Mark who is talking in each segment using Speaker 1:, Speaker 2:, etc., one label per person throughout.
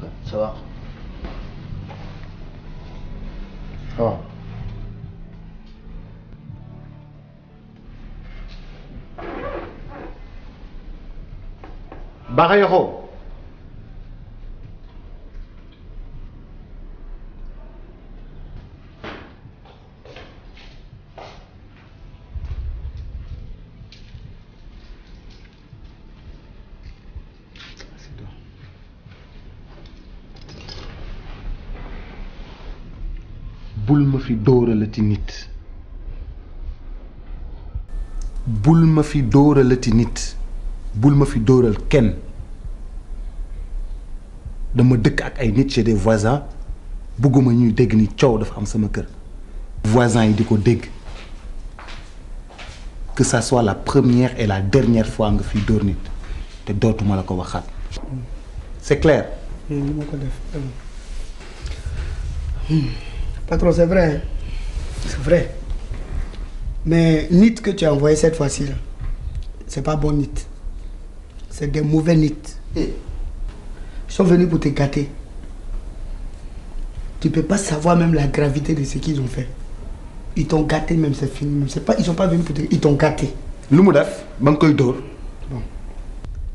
Speaker 1: كان سواء اه بقى يا هو bul ma fi dóoralati nit bul ma fi dóoralati nit bul ma fi dóoral kenn dama dëkk ak ay nit chez des voisins bëgguma ñuy dégg ni coow dafa am sama kër voisins yi di ko dégg que ça soit la première et la dernière fois nga fi dóor nit te dootuma la ko waxaat c'est clair. patron c'est vrai c'est vrai mais nit que tu as envoyé cette fois-ci là c'est pas bon nit c'est des mauvais nit hmm. ils sont venus pour te gâter tu peux pas savoir même la gravité de ce qu'ils ont fait ils t'ont gâté même c'est fini même c'est pas ils sont pas venus pour te ils t'ont gâté. lu mu def ba nga koy dóor. bon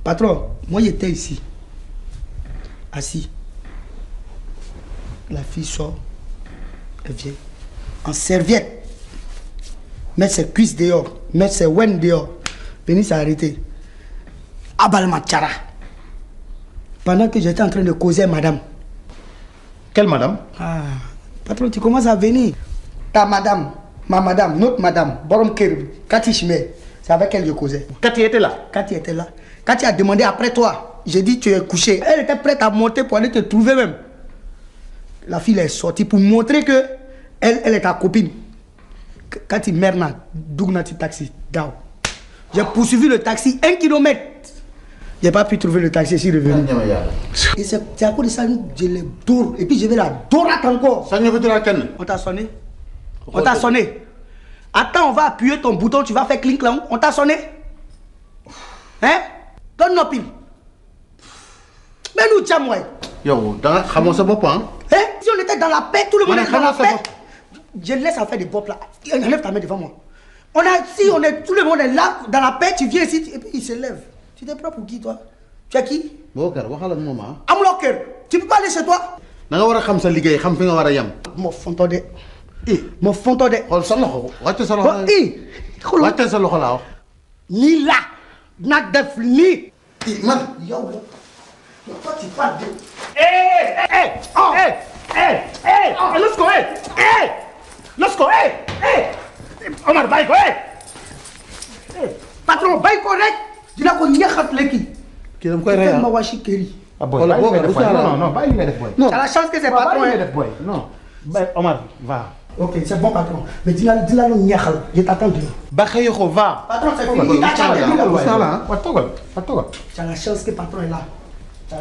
Speaker 1: patron moi j'étais ici assis la fille sort. elle vient en serviette mettre ses cuisses dehors mettre ses wen dehors venir s'arrêter abal ma cara pendant que j'étais en de causer madame. quelle madame. ah patron tu commences à venir. ta madame ma madame notre madame borom kër bi Cathy Chimay c'est avec elle que je causais. Cathy était là. Cathy était a demandé après toi j'ai dit tu es couché elle était prête à monter pour aller te trouver même. la fille est sortie pour montrer que elle, elle est ta Quand il mère na, Dougnati taxi, dao. J'ai poursuivi le taxi un kilomètre. J'ai pas pu trouver le taxi, je suis revenu. Et c'est à cause de On t'a sonné On on va appuyer ton bouton, tu vas faire clink là. On t'a sonné Hein Donne nos piles. Mais nous, tiens, moi. dans la paix, tout le monde Je laisse à faire des bobs là. Enlève ta main devant moi. On a, si on est, tout le monde est dans la paix, tu viens ici, tu, et puis il se lève. Tu t'es propre pour qui, toi Tu es qui Bokar, waxal ak moom ah. amuloo kër tu peux pas aller chez toi. da nga war a xam sa liggéey xam fi war a yem. moo fontoo de. i moo fontoo de. xool sa loxo wàcce sa loxo. i loxo la na def nii. i man yow la yow toi de. eh eh eh oh eh. hey, hey, ah. let's go, hey, hey, let's go, hey, hey, Omar bàyyi ko hey. hey patron bàyyi ko rek dina ko ñaxat léegi. kii dama koy reyal ah. ma waa si kër yi. ah booy bàyyi li nga def booy non non bàyyi li nga def booy. non à la chance que c'est patron yi def booy non bàyyi Omar va. ok c'est bon patron mais dina dina la ñaxal je t'attends. baaxee yoo ko va. patron c'est fini il t'attend waaw toogal waaw toogal. c'est à la chance que patron est là.